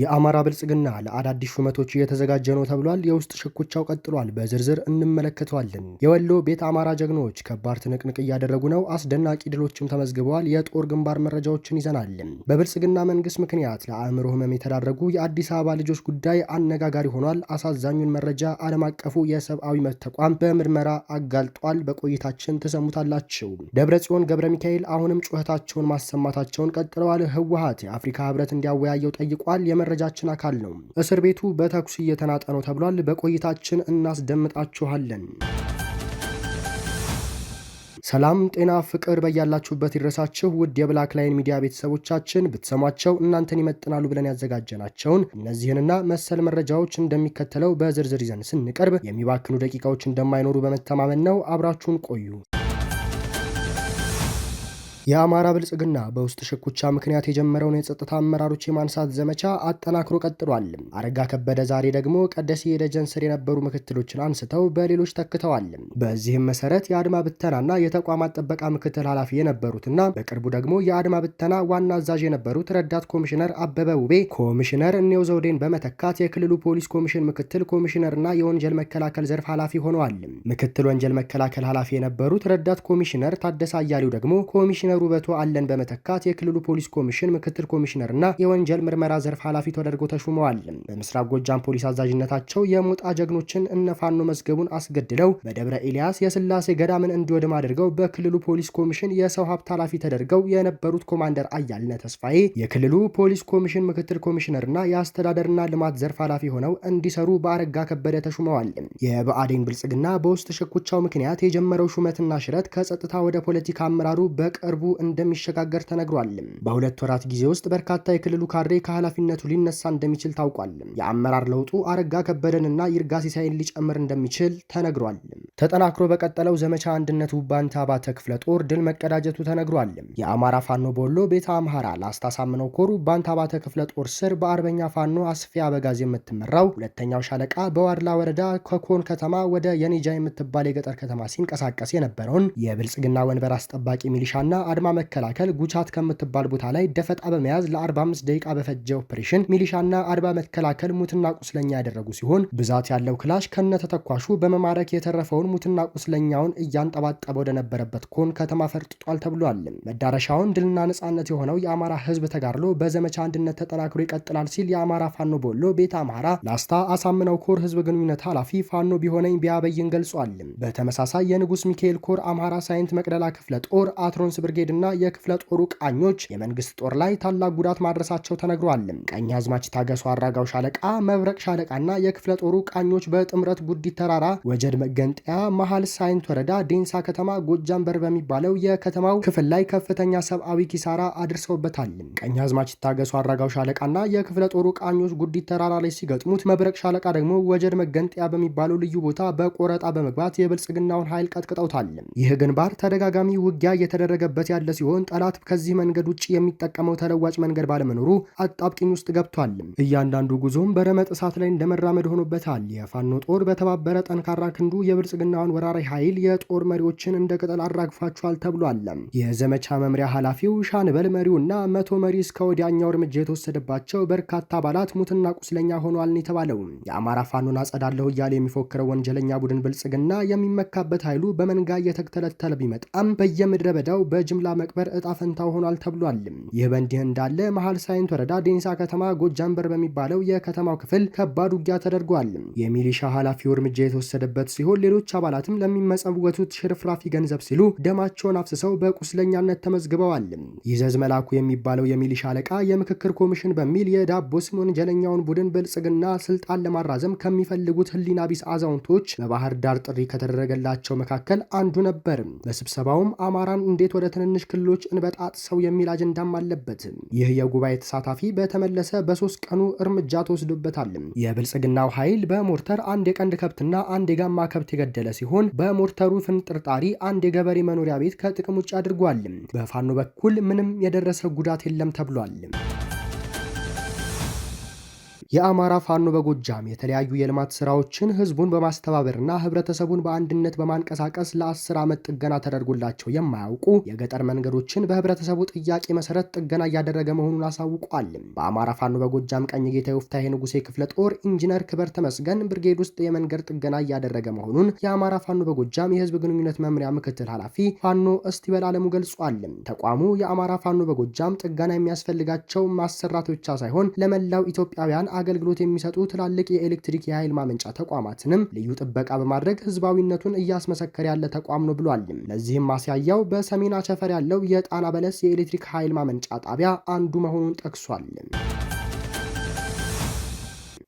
የአማራ ብልጽግና ለአዳዲስ ሹመቶች እየተዘጋጀ ነው ተብሏል። የውስጥ ሽኩቻው ቀጥሏል። በዝርዝር እንመለከተዋለን። የወሎ ቤት አማራ ጀግኖች ከባድ ትንቅንቅ እያደረጉ ነው። አስደናቂ ድሎችም ተመዝግበዋል። የጦር ግንባር መረጃዎችን ይዘናል። በብልጽግና መንግስት ምክንያት ለአእምሮ ህመም የተዳረጉ የአዲስ አበባ ልጆች ጉዳይ አነጋጋሪ ሆኗል። አሳዛኙን መረጃ ዓለም አቀፉ የሰብአዊ መብት ተቋም በምርመራ አጋልጧል። በቆይታችን ትሰሙታላችሁ። ደብረ ጽዮን ገብረ ሚካኤል አሁንም ጩኸታቸውን ማሰማታቸውን ቀጥለዋል። ህወሀት የአፍሪካ ህብረት እንዲያወያየው ጠይቋል። የመረጃችን አካል ነው። እስር ቤቱ በተኩስ እየተናጠ ነው ተብሏል። በቆይታችን እናስደምጣችኋለን። ሰላም ጤና ፍቅር በያላችሁበት ይድረሳችሁ። ውድ የብላክ ላይን ሚዲያ ቤተሰቦቻችን ብትሰሟቸው እናንተን ይመጥናሉ ብለን ያዘጋጀናቸውን እነዚህንና መሰል መረጃዎች እንደሚከተለው በዝርዝር ይዘን ስንቀርብ የሚባክኑ ደቂቃዎች እንደማይኖሩ በመተማመን ነው። አብራችሁን ቆዩ። የአማራ ብልጽግና በውስጥ ሽኩቻ ምክንያት የጀመረውን የጸጥታ አመራሮች የማንሳት ዘመቻ አጠናክሮ ቀጥሏል። አረጋ ከበደ ዛሬ ደግሞ ቀደሴ ደጀን ስር የነበሩ ምክትሎችን አንስተው በሌሎች ተክተዋል። በዚህም መሰረት የአድማ ብተናና የተቋማት ጥበቃ ምክትል ኃላፊ የነበሩትና በቅርቡ ደግሞ የአድማ ብተና ዋና አዛዥ የነበሩት ረዳት ኮሚሽነር አበበ ውቤ ኮሚሽነር እኔው ዘውዴን በመተካት የክልሉ ፖሊስ ኮሚሽን ምክትል ኮሚሽነርና የወንጀል መከላከል ዘርፍ ኃላፊ ሆነዋል። ምክትል ወንጀል መከላከል ኃላፊ የነበሩት ረዳት ኮሚሽነር ታደሰ አያሌው ደግሞ ኮሚሽነሩ ዶክተር አለን በመተካት የክልሉ ፖሊስ ኮሚሽን ምክትል ኮሚሽነር የወንጀል ምርመራ ዘርፍ ኃላፊ ተደርገው ተሹመዋል። በምስራቅ ጎጃም ፖሊስ አዛዥነታቸው የሞጣ ጀግኖችን እነፋኖ መዝገቡን አስገድለው በደብረ ኤልያስ የስላሴ ገዳምን እንዲወድም አድርገው በክልሉ ፖሊስ ኮሚሽን የሰው ሀብት ኃላፊ ተደርገው የነበሩት ኮማንደር አያልነ ተስፋዬ የክልሉ ፖሊስ ኮሚሽን ምክትል ኮሚሽነርና የአስተዳደርና ልማት ዘርፍ ኃላፊ ሆነው እንዲሰሩ በአረጋ ከበደ ተሹመዋል። የብአዴን ብልጽግና በውስጥ ሽኩቻው ምክንያት የጀመረው ሹመትና ሽረት ከጸጥታ ወደ ፖለቲካ አመራሩ በቅርቡ እንደሚሸጋገር ተነግሯል። በሁለት ወራት ጊዜ ውስጥ በርካታ የክልሉ ካድሬ ከኃላፊነቱ ሊነሳ እንደሚችል ታውቋል። የአመራር ለውጡ አረጋ ከበደንና ይርጋ ሲሳይን ሊጨምር እንደሚችል ተነግሯል። ተጠናክሮ በቀጠለው ዘመቻ አንድነት ውባንታ ባተ ክፍለ ጦር ድል መቀዳጀቱ ተነግሯል። የአማራ ፋኖ ቦሎ ቤተ አምሃራ ላስታ ሳምነው ኮር ውባንታ ባተ ክፍለ ጦር ስር በአርበኛ ፋኖ አስፌ አበጋዝ የምትመራው ሁለተኛው ሻለቃ በዋድላ ወረዳ ከኮን ከተማ ወደ የኔጃ የምትባል የገጠር ከተማ ሲንቀሳቀስ የነበረውን የብልጽግና ወንበር አስጠባቂ ሚሊሻና አድማ መከላከል ጉቻት ከምትባል ቦታ ላይ ደፈጣ በመያዝ ለ45 ደቂቃ በፈጀ ኦፕሬሽን ሚሊሻና አድማ መከላከል ሙትና ቁስለኛ ያደረጉ ሲሆን ብዛት ያለው ክላሽ ከነ ተተኳሹ በመማረክ የተረፈውን ሙትና ቁስለኛውን እያንጠባጠበ ወደነበረበት ኮን ከተማ ፈርጥጧል ተብሏል። መዳረሻውን ድልና ነጻነት የሆነው የአማራ ህዝብ ተጋድሎ በዘመቻ አንድነት ተጠናክሮ ይቀጥላል ሲል የአማራ ፋኖ ቦሎ ቤተ አማራ ላስታ አሳምነው ኮር ህዝብ ግንኙነት ኃላፊ ፋኖ ቢሆነኝ ቢያበይን ገልጿል። በተመሳሳይ የንጉስ ሚካኤል ኮር አማራ ሳይንት መቅደላ ክፍለ ጦር አትሮንስ ብርጌድ ብርጌድና የክፍለ ጦሩ ቃኞች የመንግስት ጦር ላይ ታላቅ ጉዳት ማድረሳቸው ተነግሯል። ቀኝ አዝማች ታገሱ አራጋው ሻለቃ፣ መብረቅ ሻለቃና የክፍለ ጦሩ ቃኞች በጥምረት ጉዲት ተራራ ወጀድ መገንጠያ መሀል ሳይንት ወረዳ ዴንሳ ከተማ ጎጃም በር በሚባለው የከተማው ክፍል ላይ ከፍተኛ ሰብአዊ ኪሳራ አድርሰውበታል። ቀኝ አዝማች ታገሱ አራጋው ሻለቃና የክፍለ ጦሩ ቃኞች ጉዲት ተራራ ላይ ሲገጥሙት መብረቅ ሻለቃ ደግሞ ወጀድ መገንጠያ በሚባለው ልዩ ቦታ በቆረጣ በመግባት የብልጽግናውን ኃይል ቀጥቅጠውታል። ይህ ግንባር ተደጋጋሚ ውጊያ የተደረገበት እየተጓዘ ያለ ሲሆን ጠላት ከዚህ መንገድ ውጭ የሚጠቀመው ተለዋጭ መንገድ ባለመኖሩ አጣብቂኝ ውስጥ ገብቷል። እያንዳንዱ ጉዞም በረመጥ እሳት ላይ እንደመራመድ ሆኖበታል። የፋኖ ጦር በተባበረ ጠንካራ ክንዱ የብልጽግናውን ወራሪ ኃይል የጦር መሪዎችን እንደ ቅጠል አራግፋቸዋል ተብሏል። የዘመቻ መምሪያ ኃላፊው ሻንበል መሪውና መቶ መሪ እስከ ወዲያኛው እርምጃ የተወሰደባቸው በርካታ አባላት ሙትና ቁስለኛ ሆኗል የተባለው የአማራ ፋኖን አጸዳለሁ እያለ የሚፎክረው ወንጀለኛ ቡድን ብልጽግና የሚመካበት ኃይሉ በመንጋ እየተተለተለ ቢመጣም በየምድረ በዳው በጅ በጅምላ መቅበር እጣ ፈንታው ሆኗል ተብሏል። ይህ በእንዲህ እንዳለ መሀል ሳይንት ወረዳ ዴንሳ ከተማ ጎጃምበር በሚባለው የከተማው ክፍል ከባድ ውጊያ ተደርጓል። የሚሊሻ ኃላፊው እርምጃ የተወሰደበት ሲሆን ሌሎች አባላትም ለሚመጸወቱት ሽርፍራፊ ገንዘብ ሲሉ ደማቸውን አፍስሰው በቁስለኛነት ተመዝግበዋል። ይዘዝ መላኩ የሚባለው የሚሊሻ አለቃ የምክክር ኮሚሽን በሚል የዳቦ ስም ወንጀለኛውን ቡድን ብልጽግና ስልጣን ለማራዘም ከሚፈልጉት ህሊና ቢስ አዛውንቶች በባህር ዳር ጥሪ ከተደረገላቸው መካከል አንዱ ነበር። በስብሰባውም አማራን እንዴት ወደ ትንን ትንንሽ ክልሎች ሰው የሚል አጀንዳም አለበት። ይህ የጉባኤ ተሳታፊ በተመለሰ በሶስት ቀኑ እርምጃ ተወስዶበታል። የብልጽግናው ኃይል በሞርተር አንድ የቀንድ ከብትና አንድ የጋማ ከብት የገደለ ሲሆን በሞርተሩ ፍንጥርጣሪ አንድ የገበሬ መኖሪያ ቤት ከጥቅም ውጭ አድርጓል። በፋኖ በኩል ምንም የደረሰ ጉዳት የለም ተብሏል። የአማራ ፋኖ በጎጃም የተለያዩ የልማት ስራዎችን ህዝቡን በማስተባበርና ህብረተሰቡን በአንድነት በማንቀሳቀስ ለአስር ዓመት ጥገና ተደርጎላቸው የማያውቁ የገጠር መንገዶችን በህብረተሰቡ ጥያቄ መሰረት ጥገና እያደረገ መሆኑን አሳውቋል። በአማራ ፋኖ በጎጃም ቀኝ ጌታ የወፍታሄ ንጉሴ ክፍለ ጦር ኢንጂነር ክበር ተመስገን ብርጌድ ውስጥ የመንገድ ጥገና እያደረገ መሆኑን የአማራ ፋኖ በጎጃም የህዝብ ግንኙነት መምሪያ ምክትል ኃላፊ ፋኖ እስቲበል አለሙ ገልጿል። ተቋሙ የአማራ ፋኖ በጎጃም ጥገና የሚያስፈልጋቸው ማሰራት ብቻ ሳይሆን ለመላው ኢትዮጵያውያን አገልግሎት የሚሰጡ ትላልቅ የኤሌክትሪክ የኃይል ማመንጫ ተቋማትንም ልዩ ጥበቃ በማድረግ ህዝባዊነቱን እያስመሰከረ ያለ ተቋም ነው ብሏል። ለዚህም ማስያያው በሰሜን አቸፈር ያለው የጣና በለስ የኤሌክትሪክ ኃይል ማመንጫ ጣቢያ አንዱ መሆኑን ጠቅሷል።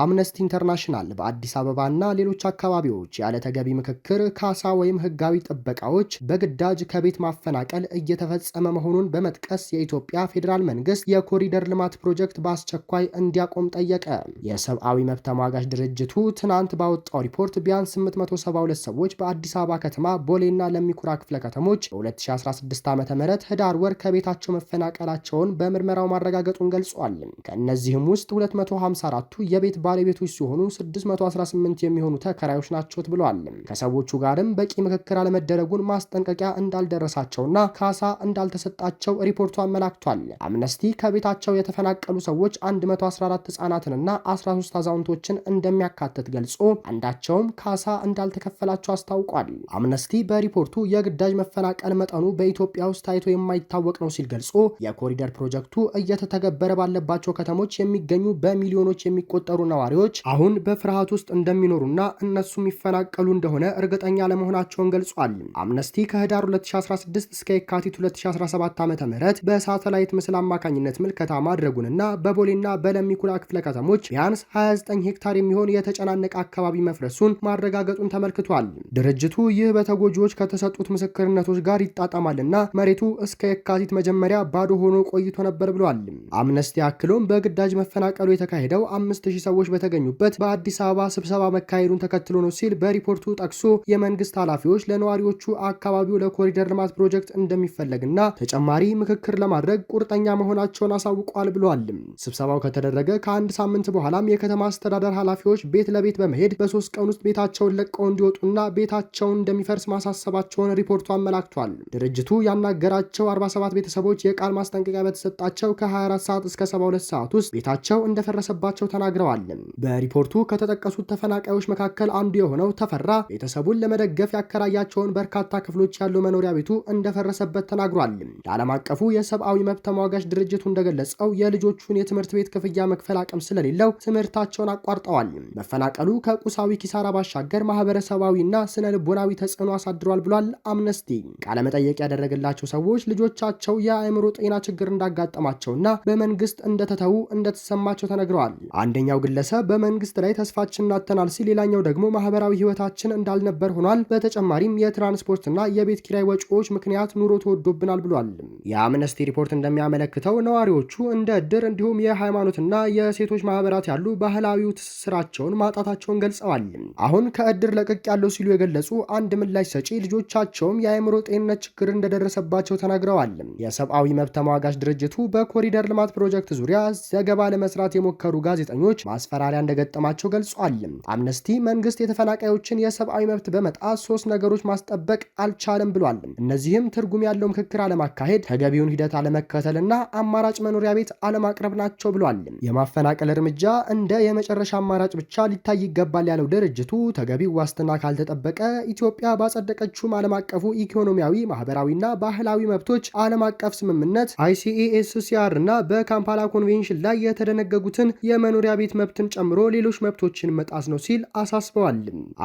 አምነስቲ ኢንተርናሽናል በአዲስ አበባና ሌሎች አካባቢዎች ያለ ተገቢ ምክክር ካሳ ወይም ህጋዊ ጥበቃዎች በግዳጅ ከቤት ማፈናቀል እየተፈጸመ መሆኑን በመጥቀስ የኢትዮጵያ ፌዴራል መንግስት የኮሪደር ልማት ፕሮጀክት በአስቸኳይ እንዲያቆም ጠየቀ። የሰብአዊ መብት ተሟጋች ድርጅቱ ትናንት ባወጣው ሪፖርት ቢያንስ 872 ሰዎች በአዲስ አበባ ከተማ ቦሌና ለሚኩራ ክፍለ ከተሞች በ2016 ዓ ም ህዳር ወር ከቤታቸው መፈናቀላቸውን በምርመራው ማረጋገጡን ገልጿል። ከእነዚህም ውስጥ 254ቱ የቤት ባለቤቶች ሲሆኑ 618 የሚሆኑ ተከራዮች ናቸው ብለዋል። ከሰዎቹ ጋርም በቂ ምክክር አለመደረጉን ማስጠንቀቂያ እንዳልደረሳቸውና ካሳ እንዳልተሰጣቸው ሪፖርቱ አመላክቷል። አምነስቲ ከቤታቸው የተፈናቀሉ ሰዎች 114 ህጻናትንና 13 አዛውንቶችን እንደሚያካትት ገልጾ አንዳቸውም ካሳ እንዳልተከፈላቸው አስታውቋል። አምነስቲ በሪፖርቱ የግዳጅ መፈናቀል መጠኑ በኢትዮጵያ ውስጥ ታይቶ የማይታወቅ ነው ሲል ገልጾ የኮሪደር ፕሮጀክቱ እየተተገበረ ባለባቸው ከተሞች የሚገኙ በሚሊዮኖች የሚቆጠሩ ነዋሪዎች አሁን በፍርሃት ውስጥ እንደሚኖሩና እነሱ የሚፈናቀሉ እንደሆነ እርግጠኛ ለመሆናቸውን ገልጿል። አምነስቲ ከህዳር 2016 እስከ የካቲት 2017 ዓ ም በሳተላይት ምስል አማካኝነት ምልከታ ማድረጉንና በቦሌና በለሚኩላ ክፍለ ከተሞች ቢያንስ 29 ሄክታር የሚሆን የተጨናነቀ አካባቢ መፍረሱን ማረጋገጡን ተመልክቷል። ድርጅቱ ይህ በተጎጂዎች ከተሰጡት ምስክርነቶች ጋር ይጣጣማልና መሬቱ እስከ የካቲት መጀመሪያ ባዶ ሆኖ ቆይቶ ነበር ብሏል። አምነስቲ አክሎም በግዳጅ መፈናቀሉ የተካሄደው 5000 ሰዎች ሰዎች በተገኙበት በአዲስ አበባ ስብሰባ መካሄዱን ተከትሎ ነው ሲል በሪፖርቱ ጠቅሶ የመንግስት ኃላፊዎች ለነዋሪዎቹ አካባቢው ለኮሪደር ልማት ፕሮጀክት እንደሚፈለግና ተጨማሪ ምክክር ለማድረግ ቁርጠኛ መሆናቸውን አሳውቋል ብሏል። ስብሰባው ከተደረገ ከአንድ ሳምንት በኋላም የከተማ አስተዳደር ኃላፊዎች ቤት ለቤት በመሄድ በሶስት ቀን ውስጥ ቤታቸውን ለቀው እንዲወጡና ቤታቸውን እንደሚፈርስ ማሳሰባቸውን ሪፖርቱ አመላክቷል። ድርጅቱ ያናገራቸው 47 ቤተሰቦች የቃል ማስጠንቀቂያ በተሰጣቸው ከ24 ሰዓት እስከ 72 ሰዓት ውስጥ ቤታቸው እንደፈረሰባቸው ተናግረዋል። በሪፖርቱ ከተጠቀሱት ተፈናቃዮች መካከል አንዱ የሆነው ተፈራ ቤተሰቡን ለመደገፍ ያከራያቸውን በርካታ ክፍሎች ያለው መኖሪያ ቤቱ እንደፈረሰበት ተናግሯል። ለዓለም አቀፉ የሰብአዊ መብት ተሟጋች ድርጅቱ እንደገለጸው የልጆቹን የትምህርት ቤት ክፍያ መክፈል አቅም ስለሌለው ትምህርታቸውን አቋርጠዋል። መፈናቀሉ ከቁሳዊ ኪሳራ ባሻገር ማህበረሰባዊና ስነ ልቦናዊ ተጽዕኖ አሳድሯል ብሏል። አምነስቲ ቃለመጠየቅ ያደረገላቸው ሰዎች ልጆቻቸው የአእምሮ ጤና ችግር እንዳጋጠማቸውና በመንግስት እንደተተዉ እንደተሰማቸው ተነግረዋል። አንደኛው ከተመለሰ በመንግስት ላይ ተስፋችን እናተናል ሲል፣ ሌላኛው ደግሞ ማህበራዊ ህይወታችን እንዳልነበር ሆኗል። በተጨማሪም የትራንስፖርትና የቤት ኪራይ ወጪዎች ምክንያት ኑሮ ተወዶብናል ብሏል። የአምነስቲ ሪፖርት እንደሚያመለክተው ነዋሪዎቹ እንደ እድር እንዲሁም የሃይማኖትና የሴቶች ማህበራት ያሉ ባህላዊ ትስስራቸውን ማጣታቸውን ገልጸዋል። አሁን ከእድር ለቀቅ ያለው ሲሉ የገለጹ አንድ ምላሽ ሰጪ ልጆቻቸውም የአእምሮ ጤንነት ችግር እንደደረሰባቸው ተናግረዋል። የሰብአዊ መብት ተሟጋች ድርጅቱ በኮሪደር ልማት ፕሮጀክት ዙሪያ ዘገባ ለመስራት የሞከሩ ጋዜጠኞች ማስፈራሪያ እንደገጠማቸው ገልጿል። አምነስቲ መንግስት የተፈናቃዮችን የሰብአዊ መብት በመጣት ሶስት ነገሮች ማስጠበቅ አልቻለም ብሏል። እነዚህም ትርጉም ያለው ምክክር አለማካሄድ፣ ተገቢውን ሂደት አለመከተልና አማራጭ መኖሪያ ቤት አለማቅረብ ናቸው ብሏል። የማፈናቀል እርምጃ እንደ የመጨረሻ አማራጭ ብቻ ሊታይ ይገባል ያለው ድርጅቱ ተገቢው ዋስትና ካልተጠበቀ ኢትዮጵያ ባጸደቀችውም ዓለም አቀፉ ኢኮኖሚያዊ ማህበራዊና ባህላዊ መብቶች ዓለም አቀፍ ስምምነት አይሲኤስሲአር እና በካምፓላ ኮንቬንሽን ላይ የተደነገጉትን የመኖሪያ ቤት መብት መብትን ጨምሮ ሌሎች መብቶችን መጣስ ነው ሲል አሳስበዋል።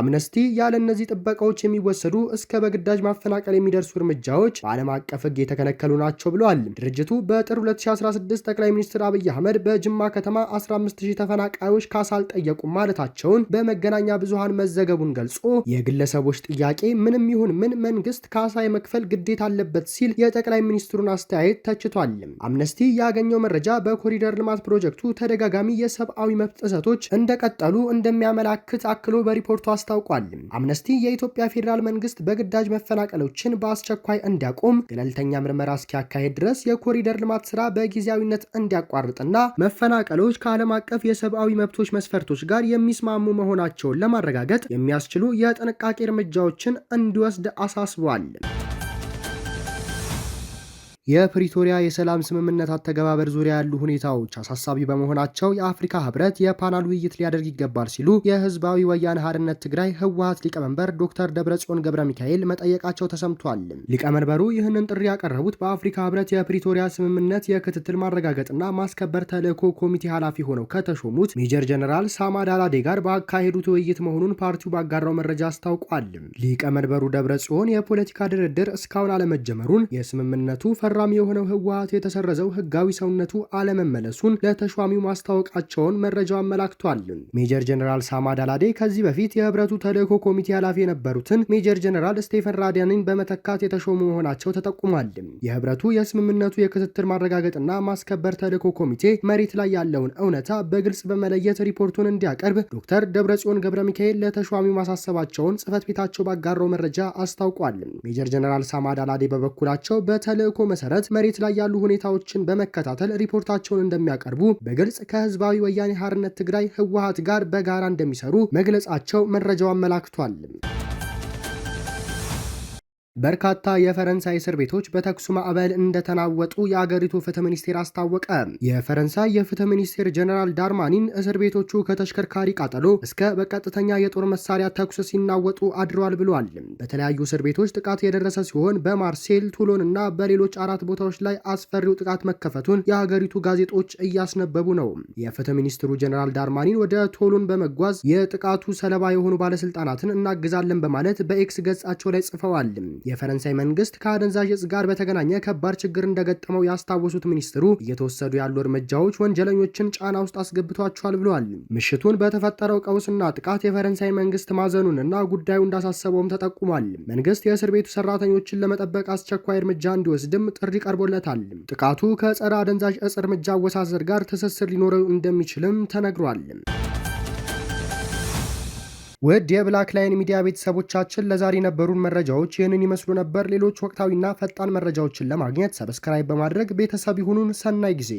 አምነስቲ ያለ እነዚህ ጥበቃዎች የሚወሰዱ እስከ በግዳጅ ማፈናቀል የሚደርሱ እርምጃዎች በዓለም አቀፍ ሕግ የተከለከሉ ናቸው ብለዋል። ድርጅቱ በጥር 2016 ጠቅላይ ሚኒስትር አብይ አህመድ በጅማ ከተማ 15000 ተፈናቃዮች ካሳ አልጠየቁም ማለታቸውን በመገናኛ ብዙሃን መዘገቡን ገልጾ የግለሰቦች ጥያቄ ምንም ይሁን ምን መንግስት ካሳ የመክፈል ግዴታ አለበት ሲል የጠቅላይ ሚኒስትሩን አስተያየት ተችቷል። አምነስቲ ያገኘው መረጃ በኮሪደር ልማት ፕሮጀክቱ ተደጋጋሚ የሰብአዊ መብት ጥሰቶች እንደቀጠሉ እንደሚያመላክት አክሎ በሪፖርቱ አስታውቋል። አምነስቲ የኢትዮጵያ ፌዴራል መንግስት በግዳጅ መፈናቀሎችን በአስቸኳይ እንዲያቆም፣ ገለልተኛ ምርመራ እስኪያካሄድ ድረስ የኮሪደር ልማት ስራ በጊዜያዊነት እንዲያቋርጥና መፈናቀሎች ከዓለም አቀፍ የሰብአዊ መብቶች መስፈርቶች ጋር የሚስማሙ መሆናቸውን ለማረጋገጥ የሚያስችሉ የጥንቃቄ እርምጃዎችን እንዲወስድ አሳስቧል። የፕሪቶሪያ የሰላም ስምምነት አተገባበር ዙሪያ ያሉ ሁኔታዎች አሳሳቢ በመሆናቸው የአፍሪካ ህብረት የፓናል ውይይት ሊያደርግ ይገባል ሲሉ የህዝባዊ ወያነ ሓርነት ትግራይ ህወሀት ሊቀመንበር ዶክተር ደብረጽዮን ገብረ ሚካኤል መጠየቃቸው ተሰምቷል። ሊቀመንበሩ ይህንን ጥሪ ያቀረቡት በአፍሪካ ህብረት የፕሪቶሪያ ስምምነት የክትትል ማረጋገጥና ማስከበር ተልእኮ ኮሚቴ ኃላፊ ሆነው ከተሾሙት ሜጀር ጀነራል ሳማዳላዴ ጋር ባካሄዱት ውይይት መሆኑን ፓርቲው ባጋራው መረጃ አስታውቋል። ሊቀመንበሩ ደብረጽዮን የፖለቲካ ድርድር እስካሁን አለመጀመሩን የስምምነቱ ፈ ተፈራሚ የሆነው ህወሀት የተሰረዘው ህጋዊ ሰውነቱ አለመመለሱን ለተሿሚው ማስታወቃቸውን መረጃው አመላክቷል። ሜጀር ጀነራል ሳማድ አላዴ ከዚህ በፊት የህብረቱ ተልእኮ ኮሚቴ ኃላፊ የነበሩትን ሜጀር ጀነራል ስቴፈን ራዲያንን በመተካት የተሾሙ መሆናቸው ተጠቁሟል። የህብረቱ የስምምነቱ የክትትል ማረጋገጥና ማስከበር ተልእኮ ኮሚቴ መሬት ላይ ያለውን እውነታ በግልጽ በመለየት ሪፖርቱን እንዲያቀርብ ዶክተር ደብረጽዮን ገብረ ሚካኤል ለተሿሚው ማሳሰባቸውን ጽህፈት ቤታቸው ባጋረው መረጃ አስታውቋል። ሜጀር ጀነራል ሳማድ አላዴ በበኩላቸው በተልእኮ መሰረት መሰረት መሬት ላይ ያሉ ሁኔታዎችን በመከታተል ሪፖርታቸውን እንደሚያቀርቡ በግልጽ ከህዝባዊ ወያኔ ሓርነት ትግራይ ህወሀት ጋር በጋራ እንደሚሰሩ መግለጻቸው መረጃው አመላክቷል። በርካታ የፈረንሳይ እስር ቤቶች በተኩሱ ማዕበል እንደተናወጡ የአገሪቱ ፍትህ ሚኒስቴር አስታወቀ። የፈረንሳይ የፍትህ ሚኒስቴር ጀነራል ዳርማኒን እስር ቤቶቹ ከተሽከርካሪ ቃጠሎ እስከ በቀጥተኛ የጦር መሳሪያ ተኩስ ሲናወጡ አድረዋል ብሏል። በተለያዩ እስር ቤቶች ጥቃት የደረሰ ሲሆን በማርሴል ቱሎን፣ እና በሌሎች አራት ቦታዎች ላይ አስፈሪው ጥቃት መከፈቱን የሀገሪቱ ጋዜጦች እያስነበቡ ነው። የፍትህ ሚኒስትሩ ጀነራል ዳርማኒን ወደ ቶሎን በመጓዝ የጥቃቱ ሰለባ የሆኑ ባለስልጣናትን እናግዛለን በማለት በኤክስ ገጻቸው ላይ ጽፈዋል። የፈረንሳይ መንግስት ከአደንዛዥ እጽ ጋር በተገናኘ ከባድ ችግር እንደገጠመው ያስታወሱት ሚኒስትሩ እየተወሰዱ ያሉ እርምጃዎች ወንጀለኞችን ጫና ውስጥ አስገብቷቸዋል ብለዋል። ምሽቱን በተፈጠረው ቀውስና ጥቃት የፈረንሳይ መንግስት ማዘኑንና ጉዳዩ እንዳሳሰበውም ተጠቁሟል። መንግስት የእስር ቤቱ ሰራተኞችን ለመጠበቅ አስቸኳይ እርምጃ እንዲወስድም ጥሪ ቀርቦለታል። ጥቃቱ ከጸረ አደንዛዥ እጽ እርምጃ አወሳሰድ ጋር ትስስር ሊኖረው እንደሚችልም ተነግሯል። ውድ የብላክ ላይን ሚዲያ ቤተሰቦቻችን ለዛሬ የነበሩን መረጃዎች ይህንን ይመስሉ ነበር። ሌሎች ወቅታዊና ፈጣን መረጃዎችን ለማግኘት ሰብስክራይብ በማድረግ ቤተሰብ ይሁኑን። ሰናይ ጊዜ